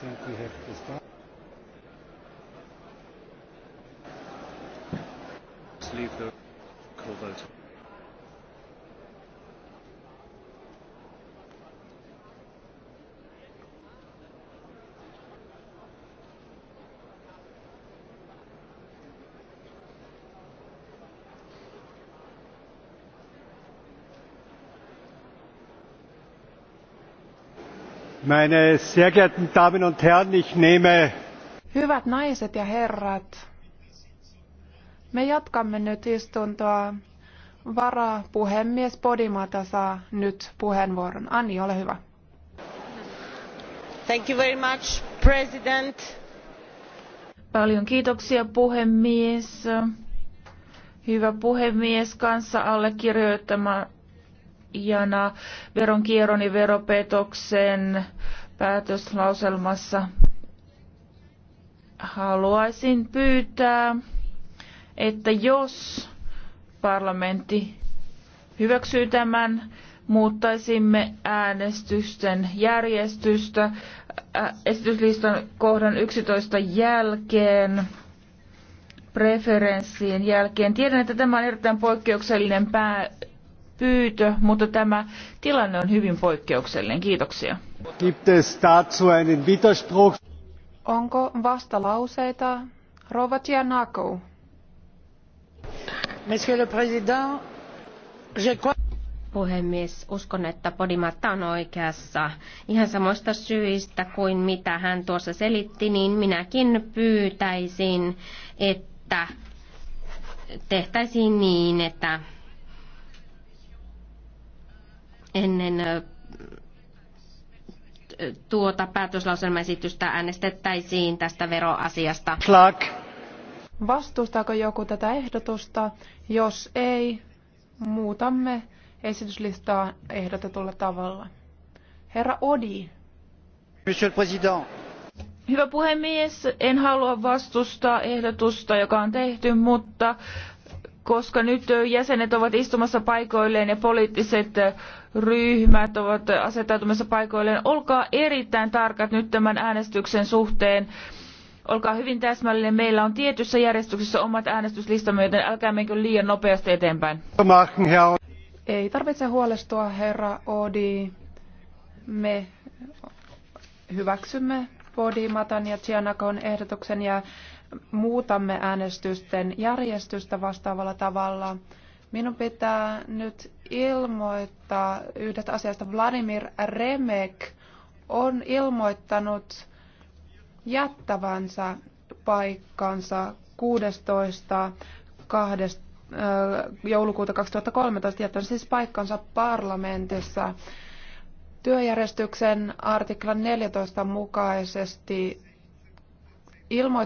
think we have to start. Leave the call vote. Meine sehr geehrten Damen und Herren, ich nehme... Hyvät naiset ja herrat, me jatkamme nyt istuntoa. Varapuhemies Podimata saa nyt puheenvuoron. Anni, ole hyvä. Thank you very much, President. Paljon kiitoksia puhemies. Hyvä puhemies, kanssa allekirjoittama pohjana veronkierron ja veropetoksen päätöslauselmassa. Haluaisin pyytää, että jos parlamentti hyväksyy tämän, muuttaisimme äänestysten järjestystä esityslistan kohdan 11 jälkeen preferenssien jälkeen. Tiedän, että tämä on erittäin poikkeuksellinen pää, pyyntö, mutta tämä tilanne on hyvin poikkeuksellinen. Kiitoksia. Onko vastalauseita? Rouva Tianako. Monsieur le Président, je crois puhemies, uskon, että Podimatta on oikeassa. Ihan samoista syistä kuin mitä hän tuossa selitti, niin minäkin pyytäisin, että tehtäisiin niin, että ennen tuota päätöslauselmaesitystä äänestettäisiin tästä veroasiasta. Clark. Vastustaako joku tätä ehdotusta? Jos ei, muutamme esityslistaa ehdotetulla tavalla. Herra Odi. Monsieur le Président. Hyvä puhemies, en halua vastustaa ehdotusta, joka on tehty, mutta koska nyt jäsenet ovat istumassa paikoilleen ja poliittiset ryhmät ovat asettautumassa paikoilleen. Olkaa erittäin tarkat nyt tämän äänestyksen suhteen. Olkaa hyvin täsmällinen. Meillä on tietyssä järjestyksessä omat äänestyslistamme, joten älkää menkö liian nopeasti eteenpäin. Ei tarvitse huolestua, herra Odi. Me hyväksymme Matan ja Gianakon ehdotuksen ja muutamme äänestysten järjestystä vastaavalla tavalla. Minun pitää nyt ilmoittaa yhdestä asiasta. Vladimir Remek on ilmoittanut jättävänsä paikkansa 16. 12 joulukuuta 2013 jättänyt siis paikkansa parlamentissa. Työjärjestyksen artiklan 14 mukaisesti ilmoittaa